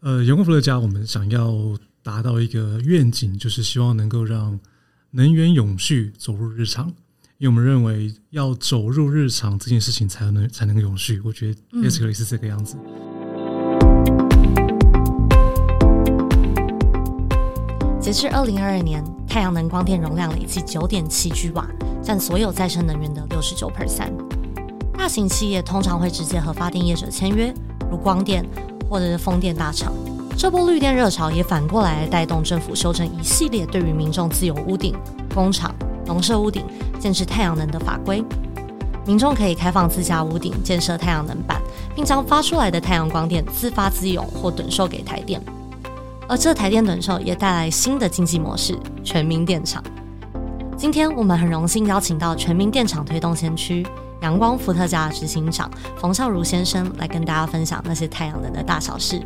呃，陽光福樂家，我們想要達到一個願景，就是希望能夠讓能源永續走入日常。因為我們認為，要走入日常這件事情，才能才能永續。我覺得 y e 可以是這個樣子。截至二零二二年，太陽能光電容量累計九點七 g 瓦，占所有再生能源的六十九 percent。大型企業通常會直接和發電業者簽約，如光電。或者是風電大廠，這波綠電熱潮也反過來帶動政府修正一系列對於民眾自有屋頂、工廠、農舍屋頂建設太陽能的法規。民眾可以開放自家屋頂建設太陽能板，並將發出來的太陽光電自發自用或躉售給台電。而這台電躉售也帶來新的經濟模式——全民電廠。今天我們很榮幸邀請到全民電廠推動先驅。陽光伏特家執行長馮嘯儒先生來跟大家分享那些太陽能的大小事。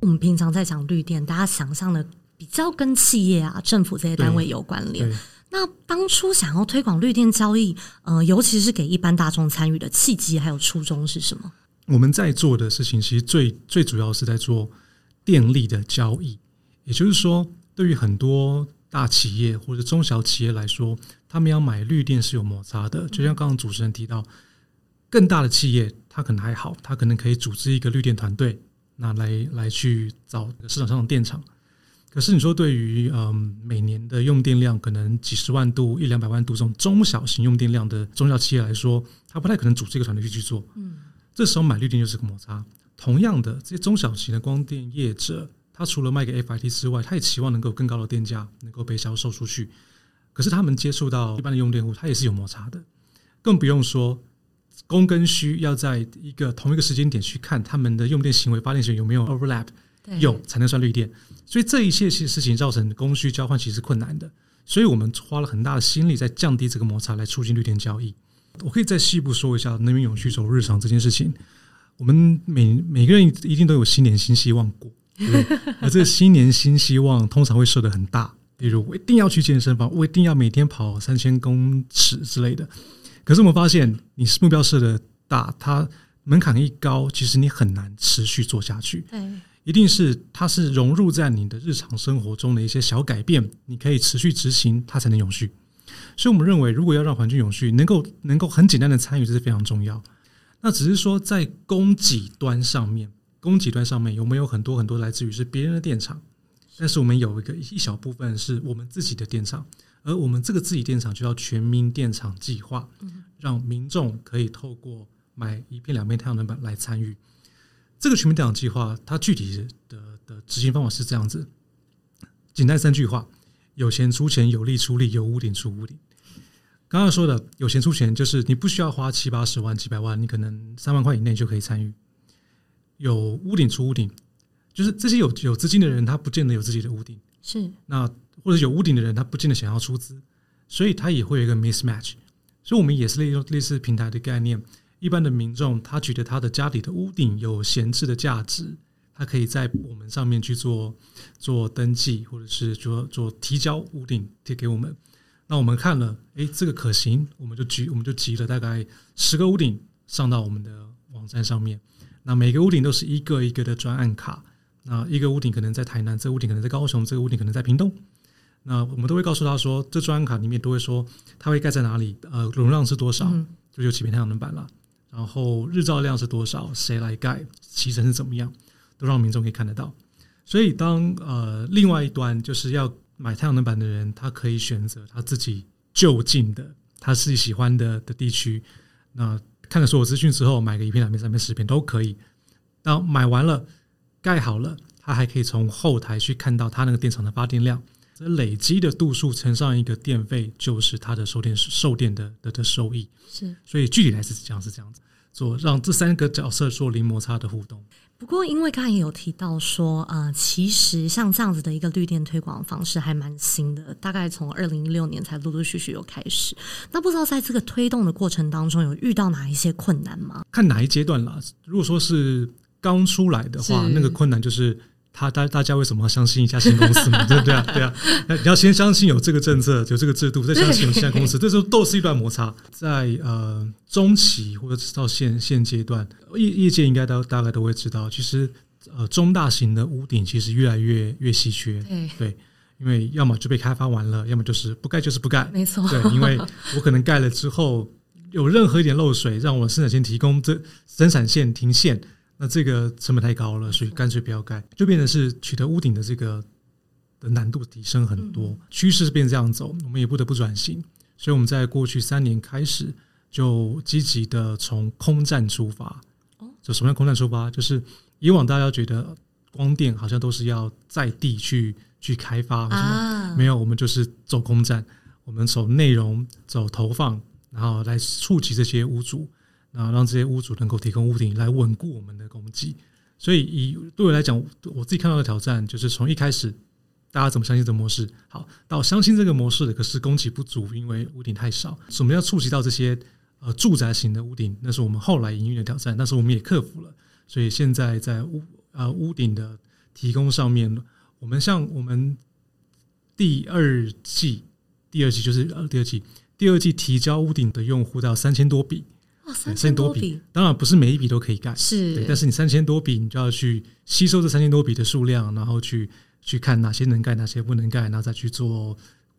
我們平常在講綠電，大家想象的比較跟企業啊、政府這些單位有關聯。那當初想要推廣綠電交易，呃，尤其是給一般大眾參與的契機還有初衷是什麼？我們在做的事情，其實最最主要是在做電力的交易，也就是說，對於很多，大企業或者中小企業來說，他們要買綠電是有摩擦的。就像剛剛主持人提到，更大的企業他可能還好，他可能可以組織一個綠電團隊，那來來去找市場上的電廠。可是你說對於嗯每年的用電量可能幾十萬度、一兩百萬度這種中小型用電量的中小企業來說，他不太可能組織一個團隊去去做。嗯，這時候買綠電就是個摩擦。同樣的，這些中小型的光電業者。他除了賣給 FIT 之外，他也期望能夠更高的電價能夠被銷售出去。可是他們接觸到一般的用電戶，他也是有摩擦的，更不用說供跟需要在一個同一個時間點去看他們的用電行為、發電行為有沒有 overlap，有才能算綠電。所以這一些事情造成供需交換其實是困難的。所以我們花了很大的心力在降低這個摩擦，來促進綠電交易。我可以再細部說一下能源永續走入日常這件事情。我們每每個人一定都有新年新希望過。對，而這個新年新希望通常會設的很大，比如我一定要去健身房，我一定要每天跑三千公尺之類的。可是我們發現，你是目標設的大，它門檻一高，其實你很難持續做下去。對，一定是它是融入在你的日常生活中的一些小改變，你可以持續執行，它才能永續。所以我們認為，如果要讓環境永續，能夠能夠很簡單的參與，這是非常重要。那只是說在供給端上面。供給端上面有沒有很多很多來自於是別人的電廠？但是我們有一個一小部分是我們自己的電廠，而我們這個自己電廠就叫全民電廠計劃，讓民眾可以透過買一片兩片太陽能板來參與。這個全民電廠計劃，它具體的的執行方法是這樣子：簡單三句話：有錢出錢，有力出力，有屋頂出屋頂。剛剛說的有錢出錢，就是你不需要花七八十萬、幾百萬，你可能三萬塊以內就可以參與。有屋頂出屋頂，就是這些有有資金的人，他不見得有自己的屋頂，是。那或者有屋頂的人，他不見得想要出資，所以他也會有一個 mismatch。所以，我們也是利用類似平台的概念。一般的民眾，他覺得他的家裡的屋頂有閒置的價值，他可以在我們上面去做做登記，或者是做做提交屋頂貼給我們。那我們看了，誒、欸，這個可行，我們就舉，我們就集了大概十個屋頂上到我們的網站上面。那每個屋頂都是一個一個的專案卡，那一個屋頂可能在台南，這個屋頂可能在高雄，這個屋頂可能在屏東。那我們都會告訴他說，這專案卡裡面都會說，它會蓋在哪裡，呃，容量是多少，嗯、就有幾片太陽能板了。然後日照量是多少，誰來蓋，期程是怎麼樣，都讓民眾可以看得到。所以當，當呃，另外一端就是要買太陽能板的人，他可以選擇他自己就近的，他自己喜歡的的地區，那。看了所有資訊之後，買個一片、兩片、三片、四片都可以。當買完了、蓋好了，他還可以從後台去看到他那個電廠的發電量，這累積的度數乘上一個電費，就是他的售電售電的的的收益。是，所以具體來講是這樣，是這樣子。做讓這三個角色做零摩擦的互動。不過，因為剛才也有提到說，呃，其實像這樣子的一個綠電推廣方式還蠻新的，大概從二零一六年才陸陸續續有開始。那不知道在這個推動的過程當中，有遇到哪一些困難嗎？看哪一階段了。如果說是剛出來的話，那個困難就是。他大、大家為什麼要相信一家新公司嘛？ 對不對啊？對啊，你要先相信有這個政策，有這個制度，再相信有新公司，這時候都是一段摩擦。在呃中期或者到現現階段，業業界應該都大大概都會知道，其實呃中大型的屋頂其實越來越越稀缺。對對，因為要麼就被開發完了，要麼就是不蓋就是不蓋。沒錯，對，因為我可能蓋了之後有任何一點漏水，讓我生產線提供這生產線停線。那這個成本太高了，所以乾脆不要蓋，就變成是取得屋頂的這個的難度提升很多。趨勢是變這樣走，我們也不得不轉型。所以我們在過去三年開始就積極的從空戰出發。哦，就什麼叫空戰出發？就是以往大家覺得光電好像都是要在地去去開發什麼、啊，沒有，我們就是走空戰，我們走內容，走投放，然後來觸及這些屋主。那讓這些屋主能夠提供屋頂來穩固我們的供給，所以以對我來講，我自己看到的挑戰就是從一開始大家怎麼相信這個模式好，好到相信這個模式的，可是供給不足，因為屋頂太少。所以我們要觸及到這些呃住宅型的屋頂，那是我們後來營運的挑戰，但是我們也克服了。所以現在在屋呃屋頂的提供上面，我們像我們第二季，第二季就是呃第二季，第二季提交屋頂的用戶到三千多筆。哦、三千多筆，當然不是每一筆都可以蓋，是對，但是你三千多筆，你就要去吸收這三千多筆的數量，然後去去看哪些能蓋，哪些不能蓋，然後再去做。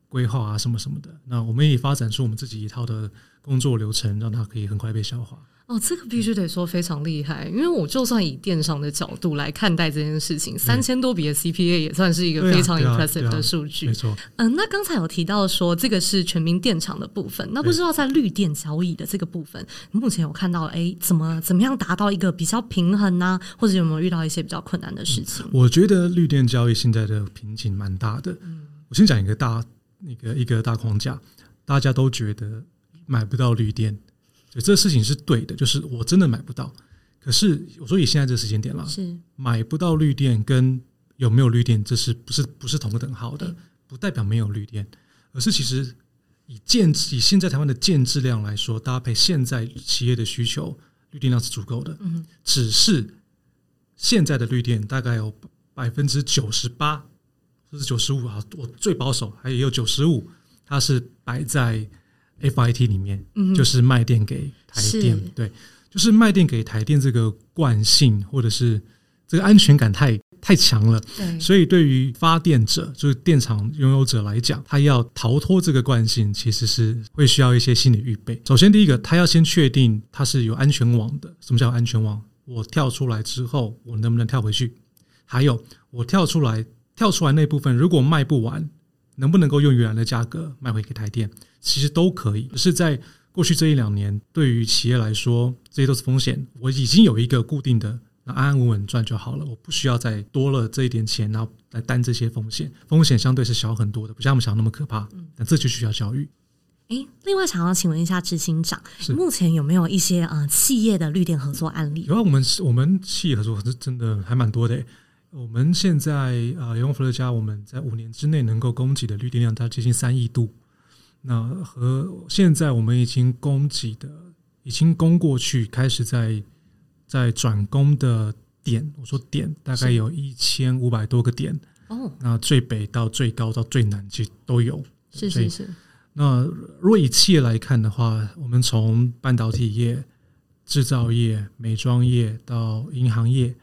規劃啊，什麼什麼的，那我們也發展出我們自己一套的工作流程，讓它可以很快被消化。哦，這個必須得說非常厲害，因為我就算以電商的角度來看待這件事情，三千多筆的 CPA 也算是一個非常、啊啊、impressive 的數據。啊啊、沒錯。嗯，那剛才有提到說這個是全民電廠的部分，那不知道在綠電交易的這個部分，你目前有看到哎、欸，怎麼怎麼樣達到一個比較平衡吶、啊？或者有沒有遇到一些比較困難的事情？嗯、我覺得綠電交易現在的瓶頸蠻大的。嗯、我先講一個大。那個一個大框架，大家都覺得買不到綠電，所以這事情是對的，就是我真的買不到。可是我說以現在這個時間點了，是買不到綠電跟有沒有綠電這是不是不是同個等號的？不代表沒有綠電，而是其實以建以現在台灣的建置量來說，搭配現在企業的需求，綠電量是足夠的。嗯，只是現在的綠電大概有百分之九十八，就是九十五啊，我最保守，還有九十五，它是擺在 FIT 裡面、嗯，就是賣電給台電，對，就是賣電給台電這個慣性或者是這個安全感太太強了，所以對於發電者，就是電廠擁有者來講，他要逃脫這個慣性，其實是會需要一些心理預備。首先，第一個，他要先確定他是有安全網的。什麼叫安全網？我跳出來之後，我能不能跳回去？還有，我跳出來。跳出來那部分，如果賣不完，能不能夠用原來的價格賣回給台電？其實都可以。只是在過去這一兩年，對於企業來說，這些都是風險。我已經有一個固定的，那安安穩穩賺就好了，我不需要再多了這一點錢，然後來擔這些風險。風險相對是小很多的，不像我們想的那麼可怕。但這就需要教育。誒、欸，另外想要請問一下執行長，目前有沒有一些呃企業的綠電合作案例？有啊，我們我們企業合作是真的還蠻多的、欸。我們現在啊、呃，陽光伏特家，我們在五年之內能夠供給的綠電量，它接近三億度。那和現在我們已經供給的，已經供過去，開始在在轉供的點，我說點，大概有一千五百多個點。哦，oh. 那最北到最高到最南，去都有。是是是。那若以企業來看的話，我們從半導體業、製造業、美妝業到銀行業。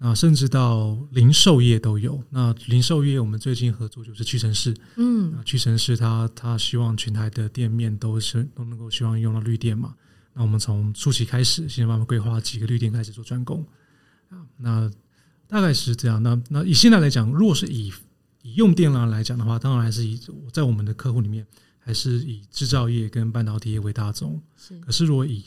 啊，甚至到零售業都有。那零售業，我們最近合作就是屈臣氏。嗯，屈臣氏他他希望全台的店面都是都能夠希望用到綠電嘛。那我們從初期開始，先慢慢規劃幾個綠電開始做專供，嗯。那大概是這樣。那那以現在來講，如果是以以用電量來講的話，當然還是以在我們的客戶裡面，還是以製造業跟半導體業為大宗。是，可是如果以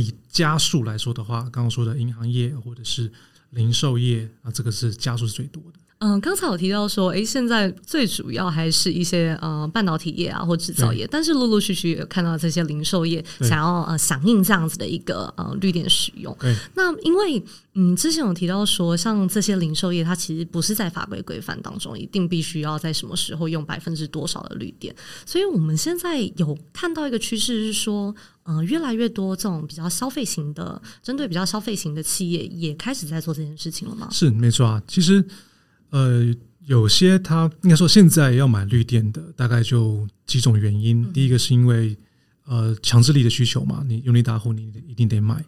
以加速來說的話，剛剛說的銀行業或者是零售業啊，這個是加速是最多的。嗯，剛才我提到說，誒、欸，現在最主要還是一些呃半導體業啊，或製造業，但是陸陸續續有看到這些零售業想要呃響應這樣子的一個呃綠電使用。那因為嗯之前有提到說，像這些零售業，它其實不是在法規規範當中一定必須要在什麼時候用百分之多少的綠電，所以我們現在有看到一個趨勢是說，呃，越來越多這種比較消費型的，針對比較消費型的企業，也開始在做這件事情了嗎？是沒錯啊，其實、嗯。呃，有些他應該說現在要買綠電的，大概就幾種原因。嗯、第一個是因為呃強制力的需求嘛，你用你大戶你一定得買。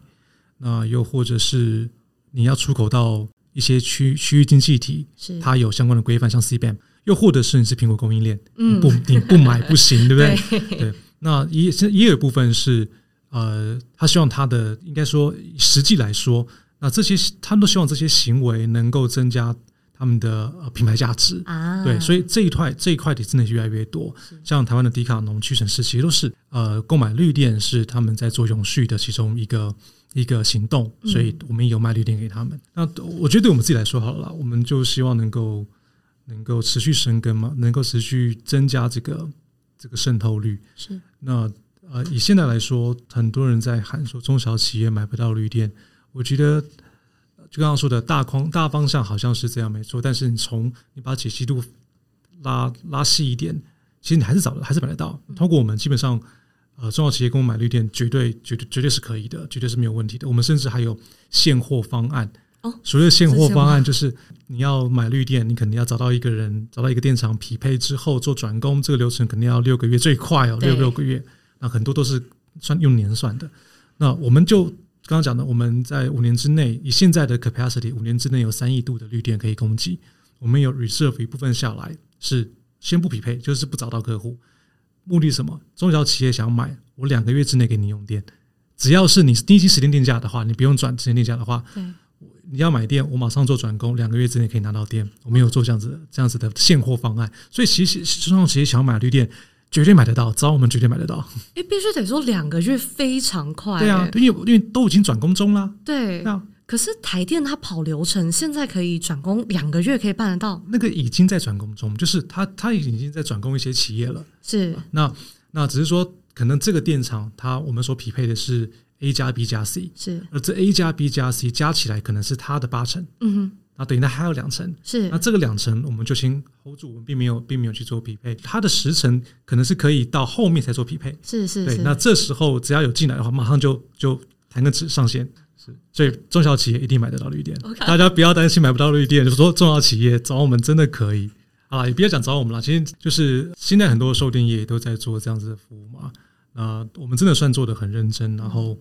那又或者是你要出口到一些區區域經濟體，是它有相關的規範，像 CBAM。又或者是你是蘋果供應鏈，嗯你不，不你不買不行，嗯、對不對？對。那也也有一部分是呃，他希望他的應該說以實際來說，那這些他們都希望這些行為能夠增加他們的呃品牌價值啊，對，所以這一塊這一塊也真的越來越多。像台灣的迪卡儂、屈臣氏，其實都是呃購買綠電是他們在做永續的其中一個一個行動，所以我們也有賣綠電給他們。嗯、那我覺得對我們自己來說好了，我們就希望能夠能夠持續深耕嘛，能夠持續增加這個這個滲透率。是那呃以現在來說，很多人在喊說中小企業買不到綠電，我覺得。就剛剛說的大框大方向好像是這樣沒錯，但是你從你把解析度拉、拉細一點，其實你還是找的，還是買得到。通過我們，基本上呃中小企業跟我買綠電，絕對絕對絕對是可以的，絕對是沒有問題的。我們甚至還有現貨方案，所謂的現貨方案，哦、方案就是，是你要買綠電，你肯定要找到一個人，找到一個電廠匹配之後做轉供，這個流程肯定要六個月最快哦，六六個月。那很多都是算用年算的。那我們就。剛剛講的，我們在五年之內，以現在的 capacity，五年之內有三億度的綠電可以供給。我們有 reserve 一部分下來，是先不匹配，就是不找到客戶。目的是什麼？中小企業想要買，我兩個月之內給你用電。只要是你是第一期時間定價的話，你不用轉時間定價的話，對，你要買電，我馬上做轉供，兩個月之內可以拿到電。我們有做這樣子這樣子的現貨方案。所以，其實中小企業想買綠電。絕對買得到，只要我們絕對買得到。欸，必須得說兩個月非常快欸，對啊，對，因為因為都已經轉供中了。對，那可是台電它跑流程，現在可以轉供兩個月可以辦得到。那個已經在轉供中，就是它它已經在轉供一些企業了。是，那那只是說可能這個電廠它我們所匹配的是 A 加 B 加 C，是，而這 A 加 B 加 C 加起來可能是它的八成。嗯哼。啊，等於它還有兩層，是。那這個兩層我們就先 hold 住，我們並沒有，並沒有去做匹配。它的時程可能是可以到後面才做匹配，是是。對是，那這時候只要有進來的話，馬上就就彈個資上線。是，所以中小企業一定買得到綠電，okay. 大家不要擔心買不到綠電，就是說中小企業找我們真的可以。啊，也不要講找我們了，其實就是現在很多售電業都在做這樣子的服務嘛。啊、呃，我們真的算做得很認真，嗯、然後。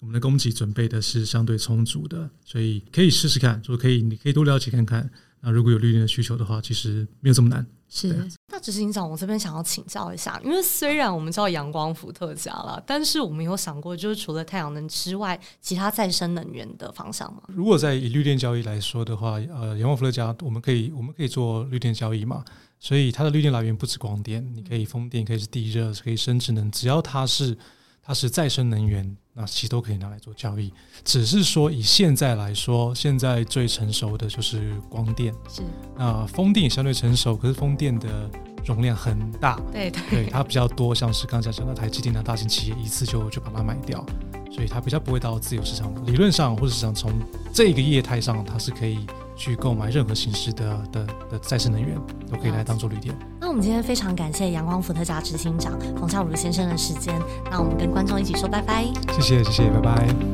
我們的供給準備的是相對充足的，所以可以試試看，就可以，你可以多了解看看。那如果有綠電的需求的話，其實沒有這麼難。是，那執行長，我這邊想要請教一下，因為雖然我們叫陽光伏特加了，但是我們有想過，就是除了太陽能之外，其他再生能源的方向嗎？如果在以綠電交易來說的話，呃，陽光伏特家我們可以我們可以做綠電交易嘛？所以它的綠電來源不止光電，你可以風電，可以是地熱，可以生質能，只要它是。它是再生能源，那其實都可以拿來做交易。只是說以現在來說，現在最成熟的就是光電，是。那風電也相對成熟，可是風電的容量很大，對，對，對它比較多。像是剛才講到台積電的大型企業，一次就就把它買掉，所以它比較不會到自由市場。理論上，或者是想從這個業態上，它是可以去購買任何形式的的的再生能源，都可以來當做綠電。我們今天非常感謝陽光伏特家執行長馮嘯儒先生的時間。那我們跟觀眾一起說拜拜，謝謝謝謝，拜拜。